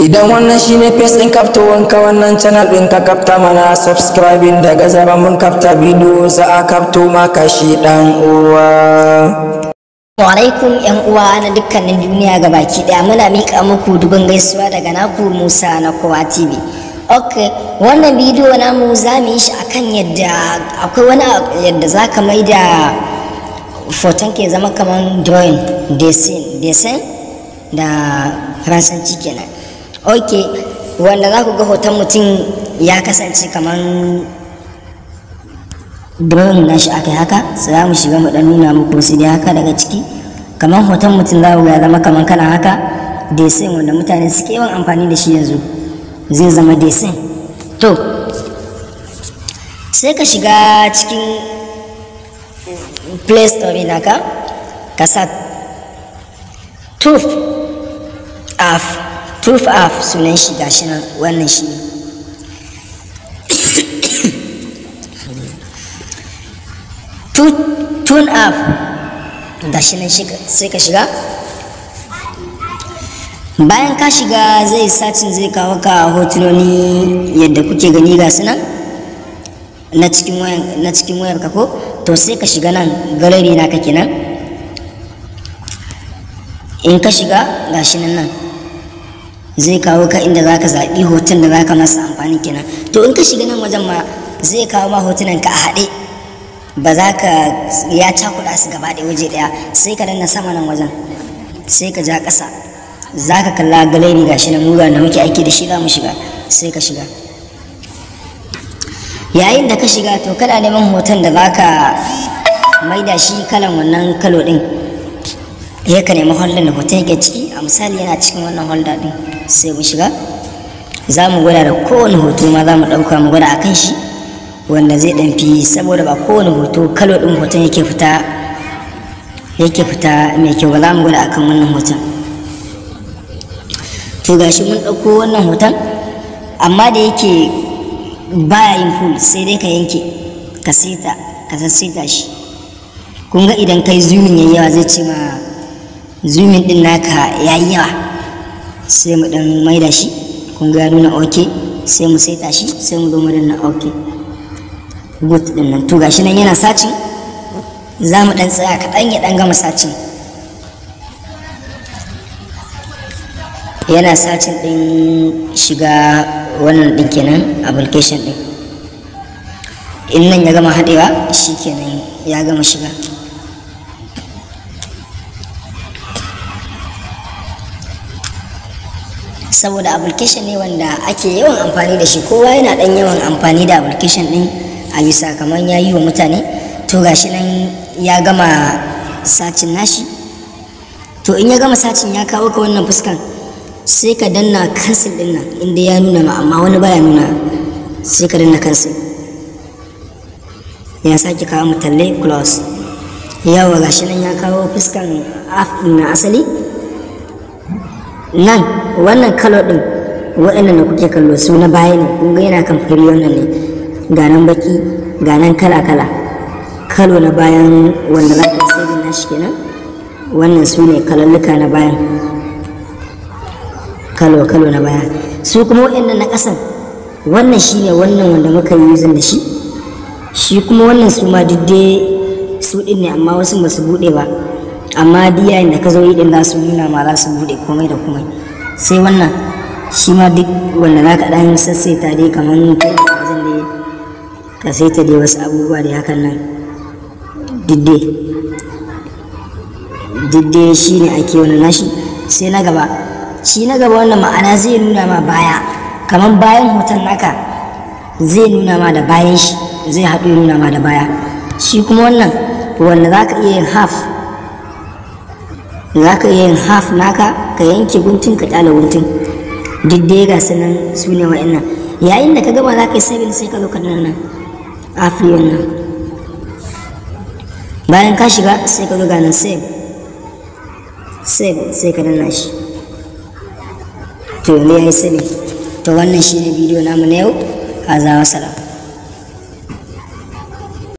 idan wannan shine face din kafta wanka wannan channel din ka kafta mana subscribing daga zaba mun kafta bidiyo za a kafto maka shi dan uwa alaikum yan uwa na dukkanin duniya ga baki daya muna mika muku dubin gaisuwa daga naku Musa na Kowa TV ok wannan bidiyo namu za mu yi shi akan yadda akwai wani yadda za ka mai da foton ke zama kamar drawing desin desin da faransanci kenan ok wanda za ku ga hoton mutum ya kasance kamar na shi aka haka sai za mu shiga mu dan nuna muku su dai haka daga ciki kamar hoton mutum za ku ga zama kamar kana haka desin wanda mutane suke yawan amfani da shi yanzu zai zama desin to sai ka shiga cikin play store naka ka sa tuf af tuf af sunan shi shi nan wannan shi ne tune ga shi nan sai ka shiga bayan ka shiga zai satin zai kawo ka hotunoni yadda kuke gani ga su nan na cikin wayar ka ko to sai ka shiga nan na kake nan in ka shiga shi nan nan zai kawo ka inda zaka zaɓi hoton da zaka masa amfani kenan to in ka shiga nan wajen ma zai kawo ma hotunan ka a haɗe ba za ka ya cakuɗa su gaba ɗaya waje ɗaya sai ka danna sama nan wajen sai ka ja ƙasa za ka kalla galeri gashi na muga da muke aiki da shi za mu shiga sai ka shiga yayin da ka shiga to kana neman hoton da za ka maida shi kalan wannan kalo ɗin ya ka nemi da hoton yake ciki a misali yana cikin wannan holder din sai mu shiga za mu gwada da kowane hoto ma za mu ɗauka mu gwada a kan shi wanda zai ɗan fi saboda ba kowane hoto kalo ɗin hoton yake fita yake fita mai kyau ba za mu gwada a kan wannan hoton to gashi mun ɗauko wannan hoton amma da yake baya yin ful sai dai ka yanke ka sita ka shi kun ga idan kai zoomin yayi yawa zai ce ma zumin din naka ya yi yawa sai mu dan maida shi kun ga nuna ok sai mu saita shi sai mu zo mu danna ok good din nan to gashi nan yana sacin za mu dan tsaya kaɗan ya dan gama sacin yana sacin din shiga wannan din kenan application din in nan ya gama haɗewa kenan ya gama shiga saboda application ne wanda ake yawan amfani da shi kowa yana dan yawan amfani da application din a bisa kamar ya yi wa mutane to gashi nan ya gama sacin nashi to in ya gama sacin ya kawo ka wannan fuskan sai ka danna cancel din nan inda ya nuna ma amma wani baya nuna sai ka danna cancel ya sake kawo mu close yawa gashi nan ya kawo fuskan na asali nan wannan kalo din waɗannan da kuke kallo su na baya ne kun yana kan fari wannan ne ga nan baki ga nan kala kala kalo na bayan wanda za ka sai na shi kenan wannan su ne kalalluka na bayan kalo kalo na baya su kuma waɗannan na ƙasan wannan shi ne wannan wanda muka yi yuzin da shi shi kuma wannan su ma duk su ɗin ne amma wasu ba su buɗe ba amma duk yayin da ka zo yi e din za su nuna ma za su bude komai da komai sai wannan shi ma duk wanda za ka ɗan sassaita dai kamar kai wajen da ka sai ta dai wasu abubuwa da hakan nan diddai diddai shi ne ake wani nashi sai na gaba shi na gaba wannan ma'ana zai nuna ma baya kamar bayan hoton naka zai nuna ma da bayan shi zai haɗu nuna ma da baya shi kuma wannan wanda za ka iya yin half za ka yin half naka ka yanke guntun ka kyala guntun duk dai ga su nan su ne wa'annan yayin da ka gama za ka yi sabin sai ka zo ka nan afiyan wannan bayan ka shiga sai ka zo ga nan save save sai ka danna shi to yanzu ya yi sabi to wannan shi ne bidiyo namu na yau a zawa salama.